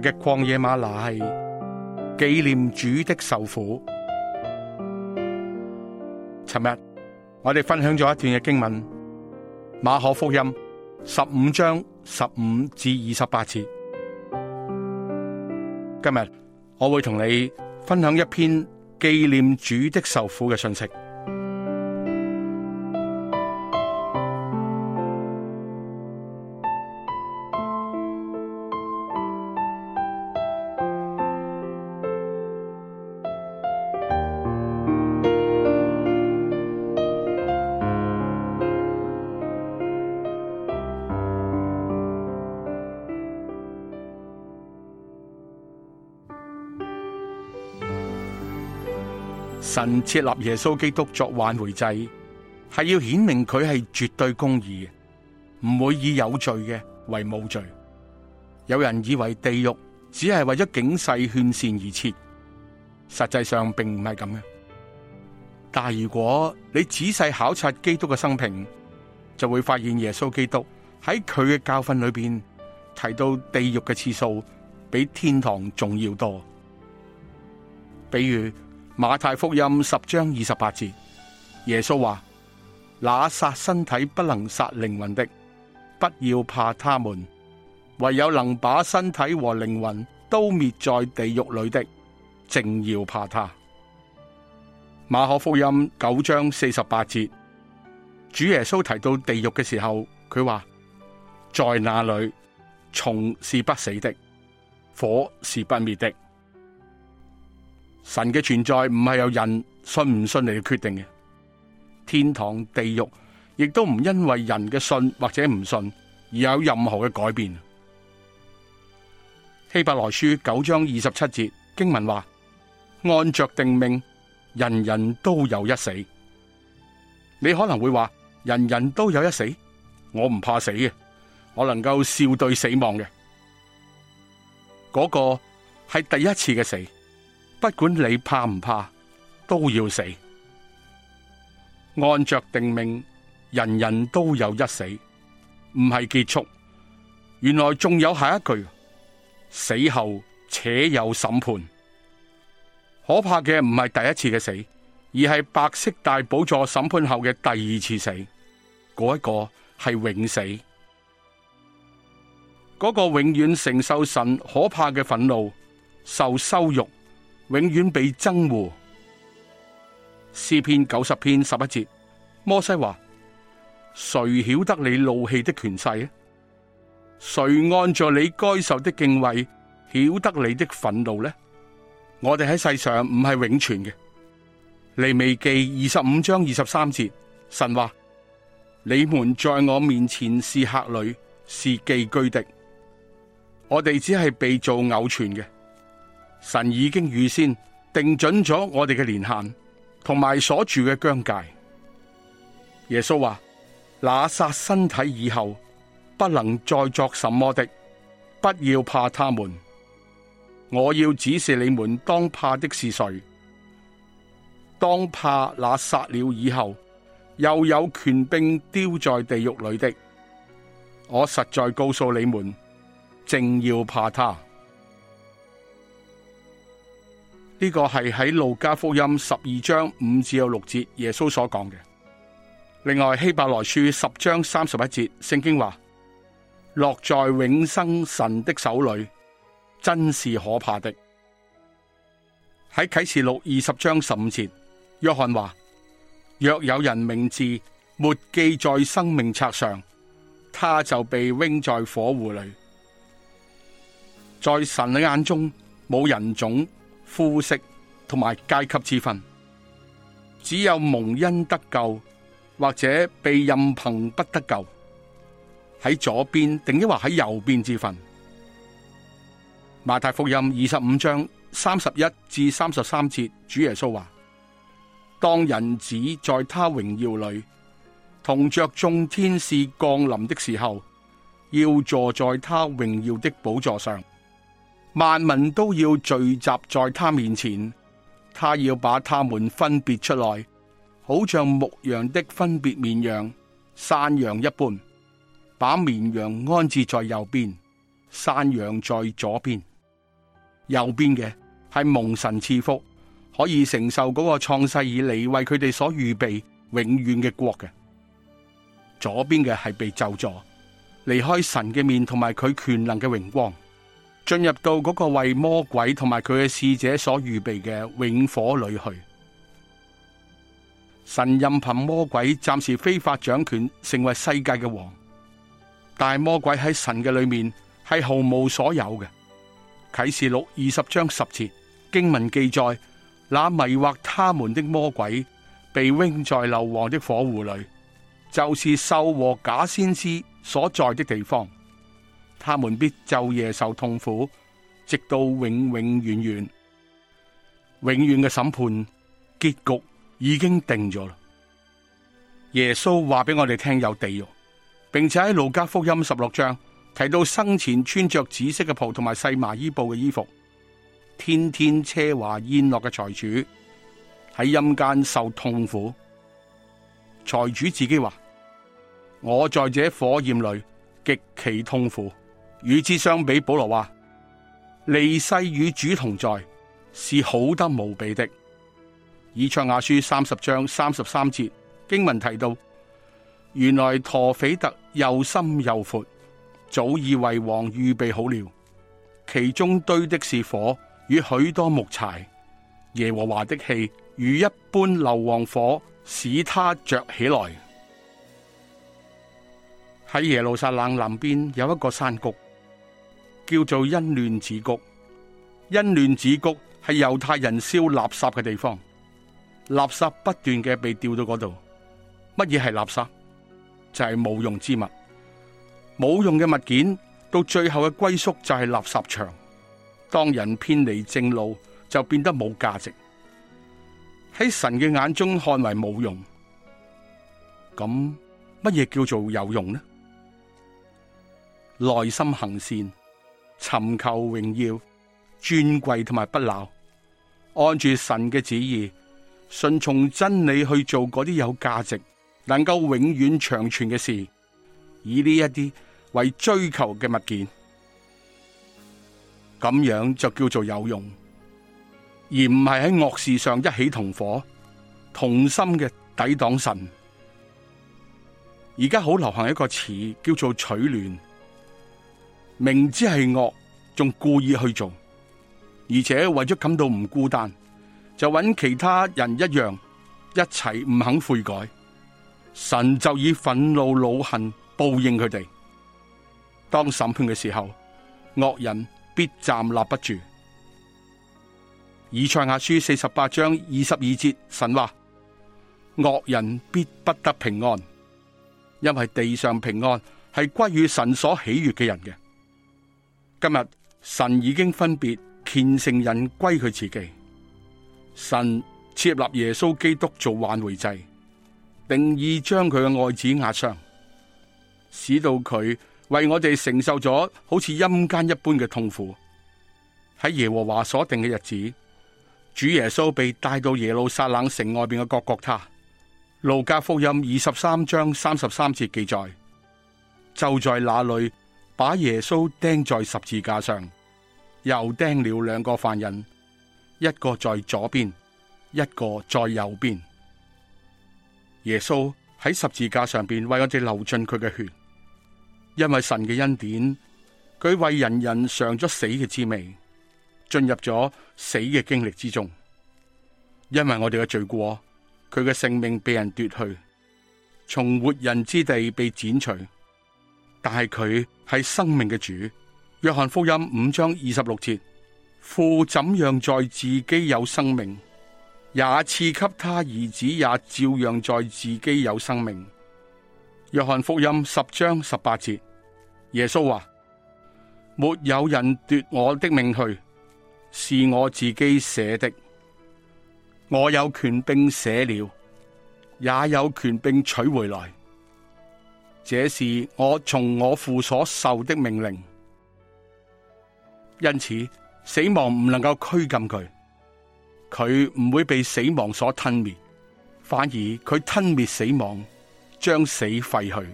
嘅曠野嗎哪係紀念主的受苦。尋日我哋分享咗一段嘅經文，馬可福音十五章十五至二十八節。今日我會同你分享一篇紀念主的受苦嘅信息。設立耶穌基督作挽回祭，係要顯明佢係絕對公義，唔會以有罪嘅為冇罪。有人以為地獄只係為咗警世勸善而設，實際上並唔係咁嘅。但係如果你仔細考察基督嘅生平，就會發現耶穌基督喺佢嘅教訓裏邊提到地獄嘅次數比天堂仲要多。比如，馬太福音十章二十八節，耶穌話：那殺身體不能殺靈魂的，不要怕他們；唯有能把身體和靈魂都滅在地獄裏的，正要怕他。馬可福音九章四十八節，主耶穌提到地獄嘅時候，佢話：在那裏，蟲是不死的，火是不滅的。神嘅存在唔係由人信唔信嚟決定嘅，天堂、地獄亦都唔因為人嘅信或者唔信而有任何嘅改變。希伯來書九章二十七節經文話：按着定命，人人都有一死。你可能會話：人人都有一死，我唔怕死嘅，我能夠笑對死亡嘅。嗰個係第一次嘅死。不管你怕唔怕，都要死。按着定命，人人都有一死，唔係結束。原來仲有下一句：死後且有審判。可怕嘅唔係第一次嘅死，而係白色大寶座審判後嘅第二次死。嗰一個係永死，嗰個永遠承受神可怕嘅憤怒，受羞辱。永遠被憎惡。詩篇九十篇十一節，摩西話：誰曉得你怒氣的權勢啊？誰按著你該受的敬畏曉得你的憤怒呢？我哋喺世上唔係永存嘅。利未記二十五章二十三節，神話：你們在我面前是客旅，是寄居的。我哋只係被做偶傳嘅。神已經預先定準咗我哋嘅年限，同埋所住嘅疆界。耶穌話：那殺身體以後不能再作什麼的，不要怕他們。我要指示你們當怕的是誰？當怕那殺了以後又有權柄丟在地獄裡的。我實在告訴你們，正要怕他。呢個係喺路加福音十二章五至六節耶穌所講嘅。另外，希伯來書十章三十一節，聖經話落在永生神的手裏，真是可怕的。喺啟示錄二十章十五節，約翰話若有人名字沒記在生命冊上，他就被扔在火湖裏。在神嘅眼中冇人種。膚色同埋階級之分，只有蒙恩得救或者被任憑不得救，喺左邊定抑或喺右邊之分。馬太福音二十五章三十一至三十三節，主耶穌話：當人子在他榮耀裏同着眾天使降臨的時候，要坐在他榮耀的寶座上。萬民都要聚集在他面前，他要把他們分別出來，好像牧羊的分別綿羊、山羊一般，把綿羊安置在右邊，山羊在左邊。右邊嘅係蒙神賜福，可以承受嗰個創世以嚟為佢哋所預備永遠嘅國嘅；左邊嘅係被咒詛，離開神嘅面同埋佢權能嘅榮光。進入到嗰個為魔鬼同埋佢嘅使者所預備嘅永火裏去，神任憑魔鬼暫時非法掌權，成為世界嘅王。但魔鬼喺神嘅裏面係毫無所有嘅。啟示錄二十章十節經文記載，那迷惑他們的魔鬼被扔在硫磺的火湖裏，就是獸和假先知所在的地方。他們必晝夜受痛苦，直到永永遠遠。永遠嘅審判結局已經定咗啦。耶穌話俾我哋聽有地獄，並且喺路加福音十六章提到生前穿着紫色嘅袍同埋細麻衣布嘅衣服，天天奢華宴樂嘅財主喺陰間受痛苦。財主自己話：我在這火焰裏極其痛苦。與之相比，保羅話：離世與主同在是好得無比的。以賽亞書三十章三十三節經文提到，原來陀斐特又深又闊，早已為王預備好了，其中堆的是火與許多木柴。耶和華的氣如一般硫磺火，使他着起來。喺耶路撒冷南邊有一個山谷。叫做欣嫩子谷，欣嫩子谷係猶太人燒垃圾嘅地方，垃圾不斷嘅被掉到嗰度。乜嘢係垃圾？就係、是、冇用之物，冇用嘅物件到最後嘅歸宿就係垃圾場。當人偏離正路，就變得冇價值。喺神嘅眼中看為冇用，咁乜嘢叫做有用呢？內心行善，尋求榮耀、尊貴同埋不朽，按住神嘅旨意，順從真理去做嗰啲有價值、能夠永遠長存嘅事，以呢一啲為追求嘅物件，咁樣就叫做有用，而唔係喺惡事上一起同夥、同心嘅抵擋神。而家好流行一個詞叫做取暖。明知係惡，仲故意去做，而且為咗感到唔孤單，就揾其他人一樣一齊唔肯悔改。神就以憤怒、惱恨報應佢哋。當審判嘅時候，惡人必站立不住。以賽亞書四十八章二十二節，神話惡人必不得平安，因為地上平安係歸於神所喜悅嘅人嘅。今日神已經分別虔誠人歸佢自己，神設立耶穌基督做挽回祭，定意將佢嘅愛子壓傷，使到佢為我哋承受咗好似陰間一般嘅痛苦。喺耶和華所定嘅日子，主耶穌被帶到耶路撒冷城外邊嘅各各他。路加福音二十三章三十三節記載，就在那裏。把耶穌釘在十字架上，又釘了兩個犯人，一個在左邊，一個在右邊。耶穌喺十字架上邊為我哋流盡佢嘅血，因為神嘅恩典，佢為人人嘗咗死嘅滋味，進入咗死嘅經歷之中。因為我哋嘅罪過，佢嘅性命被人奪去，從活人之地被剪除。但係佢係生命嘅主。約翰福音五章二十六節：父怎樣在自己有生命，也賜給他兒子也照樣在自己有生命。約翰福音十章十八節：耶穌話：沒有人奪我的命去，是我自己捨的。我有權柄捨了，也有權柄取回來。這是我從我父所受的命令，因此死亡唔能夠拘禁佢，佢唔會被死亡所吞滅，反而佢吞滅死亡，將死廢去，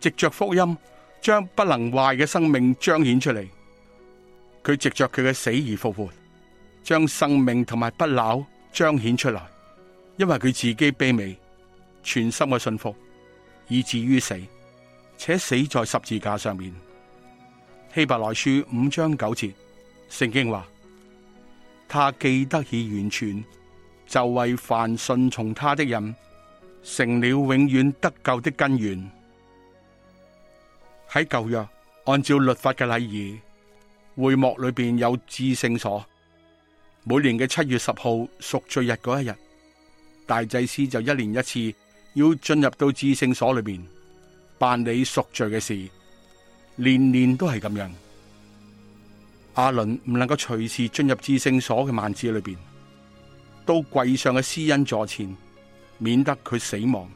藉着福音將不能壞嘅生命彰顯出嚟。佢藉着佢嘅死而復活，將生命同埋不朽彰顯出來，因為佢自己卑微全心嘅信服。以至於死，且死在十字架上面。希伯來書五章九節，聖經話：他既得以完全，就為凡順從他的人，成了永遠得救的根源。喺舊約，按照律法嘅禮儀，會幕裏邊有至聖所，每年嘅七月十號贖罪日嗰一日，大祭司就一年一次。要進入到至聖所裏邊辦理贖罪嘅事，年年都係咁樣。阿倫唔能夠隨時進入至聖所嘅幔子裏邊，到櫃上嘅施恩座前，免得佢死亡。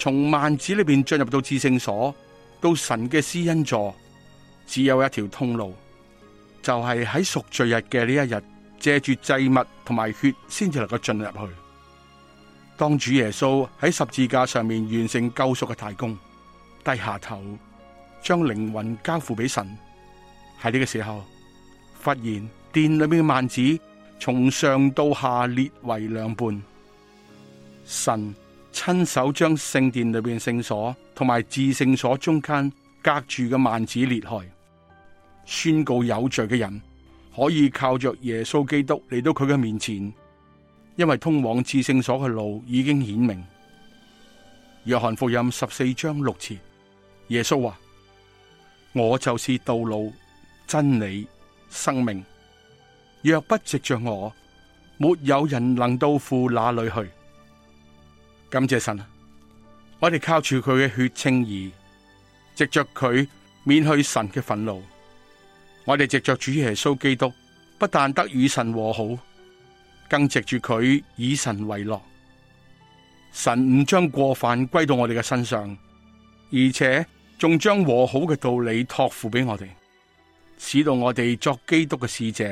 從幔子裏邊進入到至聖所，到神嘅施恩座，只有一條通路，就係喺贖罪日嘅呢一日，借住祭物同埋血，先至能夠進入去。當主耶穌喺十字架上面完成救贖嘅大功，低下頭將靈魂交付俾神，喺呢個時候，忽然殿裏面嘅幔子從上到下裂為兩半，神親手將聖殿裏邊聖所同埋至聖所中間隔住嘅幔子裂開，宣告有罪嘅人可以靠着耶穌基督嚟到佢嘅面前。因為通往至聖所嘅路已經顯明。約翰福音十四章六節，耶穌話：我就是道路、真理、生命。若不藉着我，沒有人能到父那裏去。感謝神，我哋靠住佢嘅血稱義，藉着佢免去神嘅憤怒。我哋藉着主耶穌基督，不但得與神和好。更藉住佢以神為樂，神唔將過犯歸到我哋嘅身上，而且仲將和好嘅道理託付俾我哋，使到我哋作基督嘅使者，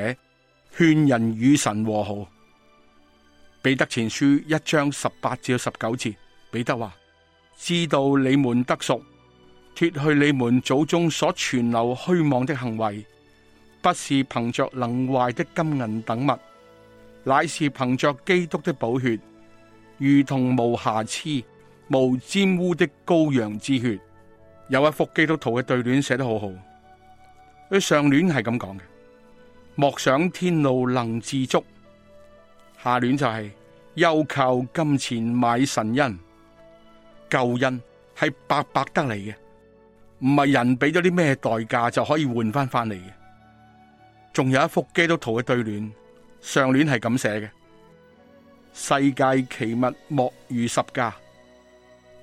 勸人與神和好。彼得前書一章十八至十九節，彼得話：知道你們得贖，脱去你們祖宗所存留虛妄的行為，不是憑着能壞的金銀等物。乃是憑着基督的寶血，如同無瑕疵，無沾污的羔羊之血。有一幅基督徒嘅對聯寫得好好，佢上聯係咁講嘅：莫想天路能自足。下聯就係：休靠金錢買神恩。救恩係白白得嚟嘅，唔係人俾咗啲咩代價就可以換翻翻嚟嘅。仲有一幅基督徒嘅對聯。上聯係咁寫嘅：世界奇物莫如十架。」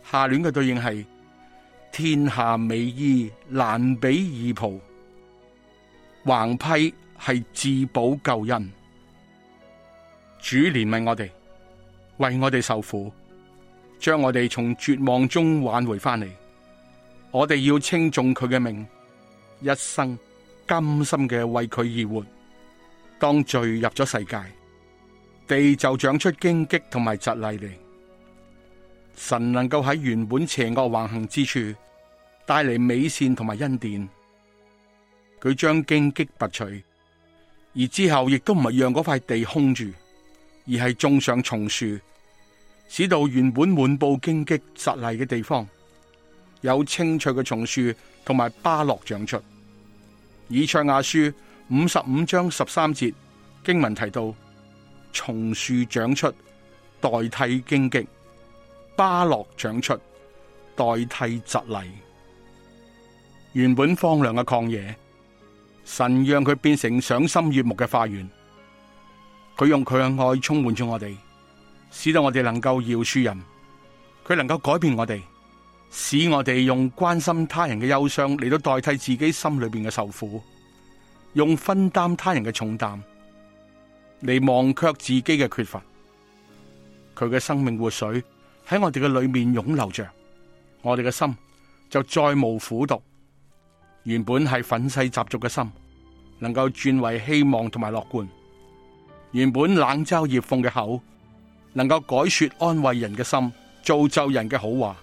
下聯嘅對應係天下美衣難比二袍。」橫批係自保救恩。主憐憫我哋，為我哋受苦，將我哋從絕望中挽回翻嚟。我哋要輕重佢嘅命，一生甘心嘅為佢而活。當罪入咗世界，地就長出荊棘同埋蒺藜嚟。神能夠喺原本邪惡橫行之處帶嚟美善同埋恩典。佢將荊棘拔除，而之後亦都唔係讓嗰塊地空住，而係種上松樹，使到原本滿布荊棘蒺藜嘅地方有青翠嘅松樹同埋巴樂長出。以賽亞書。五十五章十三節經文提到，松樹長出代替荊棘，芭樂長出代替蒺藜。原本荒涼嘅曠野，神讓佢變成賞心悅目嘅花園。佢用佢嘅愛充滿咗我哋，使到我哋能夠饒恕人。佢能夠改變我哋，使我哋用關心他人嘅憂傷嚟到代替自己心裏邊嘅受苦。用分擔他人嘅重擔嚟忘卻自己嘅缺乏，佢嘅生命活水喺我哋嘅裏面湧流着，我哋嘅心就再無苦毒。原本係憤世嫉俗嘅心，能夠轉為希望同埋樂觀；原本冷嘲熱諷嘅口，能夠改說安慰人嘅心，造就人嘅好話。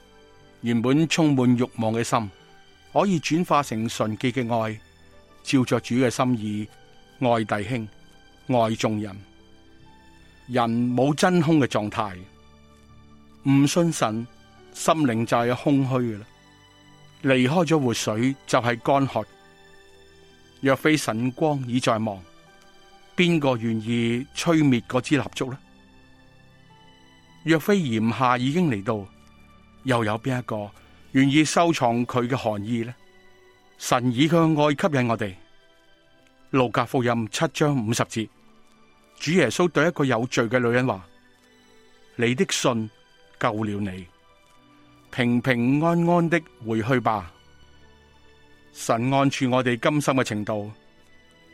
原本充滿慾望嘅心，可以轉化成純潔嘅愛。照著主嘅心意，愛弟兄，愛眾人。人冇真空嘅狀態，唔信神，心靈就係空虛嘅啦。離開咗活水就係乾渴。若非神光已在望，邊個願意吹滅嗰支蠟燭呢？若非炎夏已經嚟到，又有邊一個願意收藏佢嘅寒意呢？神以佢嘅愛吸引我哋。路加福音七章五十節，主耶穌對一個有罪嘅女人話：「你的信救了你，平平安安的回去吧。神按住我哋甘心嘅程度，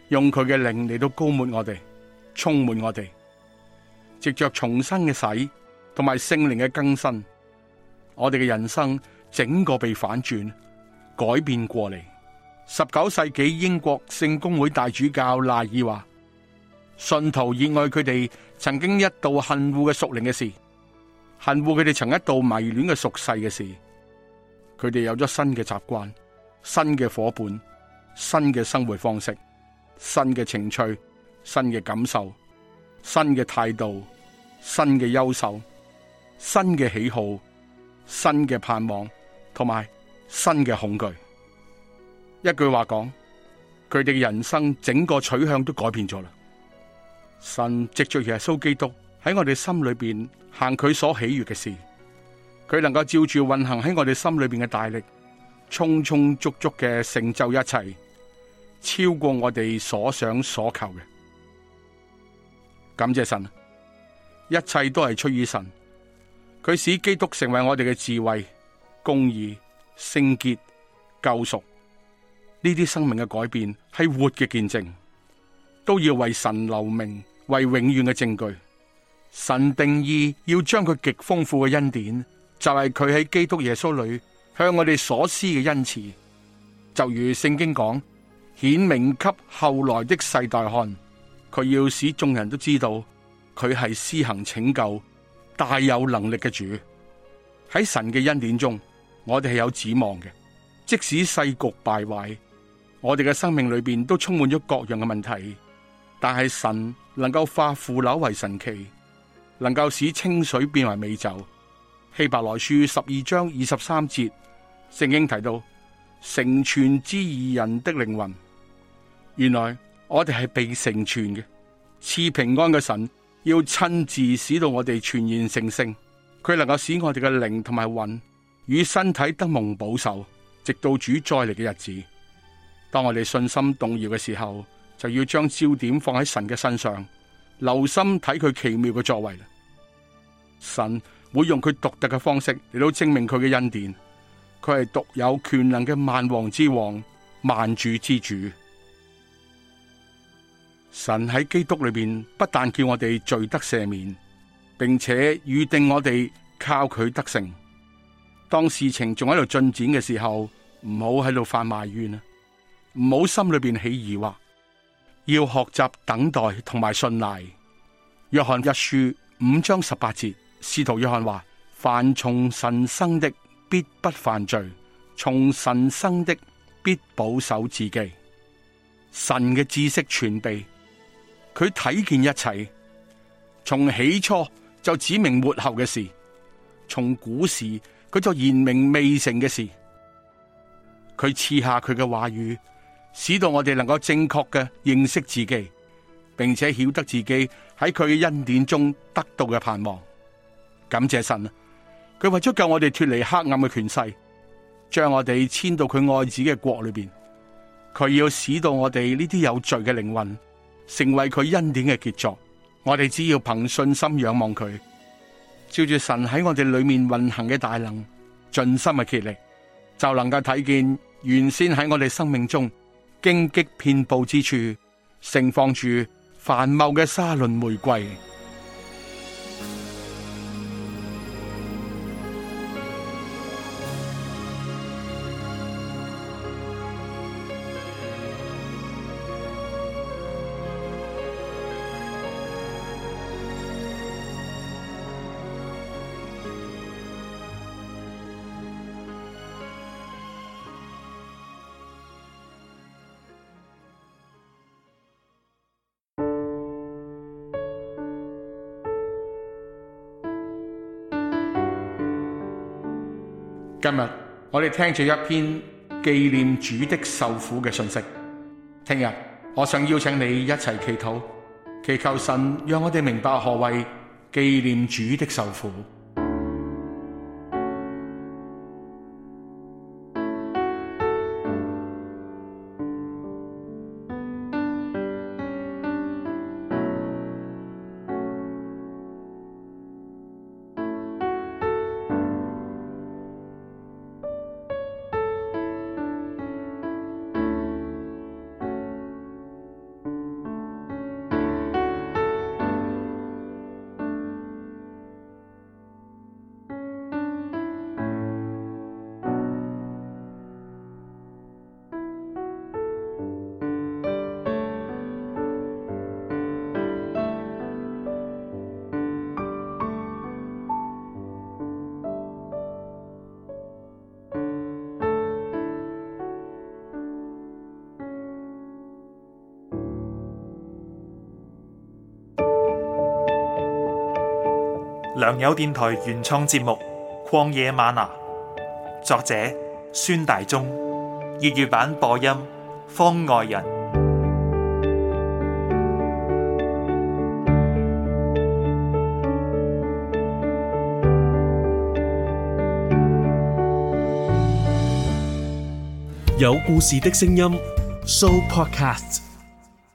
用佢嘅靈嚟到灌滿我哋，充滿我哋，藉着重生嘅洗同埋聖靈嘅更新，我哋嘅人生整個被反轉，改變過嚟。十九世紀英國聖公會大主教賴爾話：信徒熱愛佢哋曾經一度恨惡嘅屬靈嘅事，恨惡佢哋曾一度迷戀嘅屬世嘅事，佢哋有咗新嘅習慣、新嘅伙伴、新嘅生活方式、新嘅情趣、新嘅感受、新嘅態度、新嘅優秀、新嘅喜好、新嘅盼望同埋新嘅恐懼。一句話講，佢哋嘅人生整個取向都改變咗啦。神藉住耶穌基督喺我哋心裏面行佢所喜悦嘅事，佢能夠照住運行喺我哋心裏面嘅大力，充充足足嘅成就一切，超過我哋所想所求嘅。感謝神，一切都係出於神，佢使基督成為我哋嘅智慧、公義、聖潔、救贖。救贖呢啲生命嘅改變係活嘅見證，都要為神留名，為永遠嘅證據。神定義要將佢極豐富嘅恩典，就係佢喺基督耶穌裏向我哋所施嘅恩慈。就如聖經講，顯明給後來的世代看，佢要使眾人都知道佢係施行拯救、大有能力嘅主。喺神嘅恩典中，我哋係有指望嘅，即使世局敗壞。我哋嘅生命裏邊都充滿咗各樣嘅問題，但係神能夠化腐朽為神奇，能夠使清水變為美酒。希伯來書十二章二十三節，聖經提到，成全之義人的靈魂，原來我哋係被成全嘅。賜平安嘅神要親自使到我哋全然成聖，佢能夠使我哋嘅靈同埋魂與身體得蒙保守，直到主再嚟嘅日子。當我哋信心動搖嘅時候，就要將焦點放喺神嘅身上，留心睇佢奇妙嘅作為。神會用佢獨特嘅方式嚟到證明佢嘅恩典，佢係獨有權能嘅萬王之王、萬主之主。神喺基督裏面不但叫我哋罪得赦免，並且預定我哋靠佢得勝。當事情仲喺度進展嘅時候，唔好喺度發埋怨。唔好心裏邊起疑惑，要學習等待同埋信賴。約翰一書五章十八節，使徒約翰話：凡從神生的，必不犯罪；從神生的，必保守自己。神嘅知識全備，佢睇見一切，從起初就指明末後嘅事；從古時佢就言明未成嘅事，佢賜下佢嘅話語，使到我哋能夠正確嘅認識自己，並且曉得自己喺佢嘅恩典中得到嘅盼望。感謝神啊！佢為咗救我哋脫離黑暗嘅權勢，將我哋遷到佢愛子嘅國裏邊。佢要使到我哋呢啲有罪嘅靈魂成為佢恩典嘅傑作。我哋只要憑信心仰望佢，照住神喺我哋裏面運行嘅大能，盡心嘅竭力，就能夠睇見原先喺我哋生命中。荊棘遍布之處，盛放住繁茂嘅沙崙玫瑰。今日我哋聽住一篇紀念主的受苦嘅信息，聽日我想邀請你一齊祈禱，祈求神讓我哋明白何謂紀念主的受苦。良友電台原創節目《曠野嗎哪》，作者孫大中，粵語版播音方外人。有故事的聲音，Show Podcast。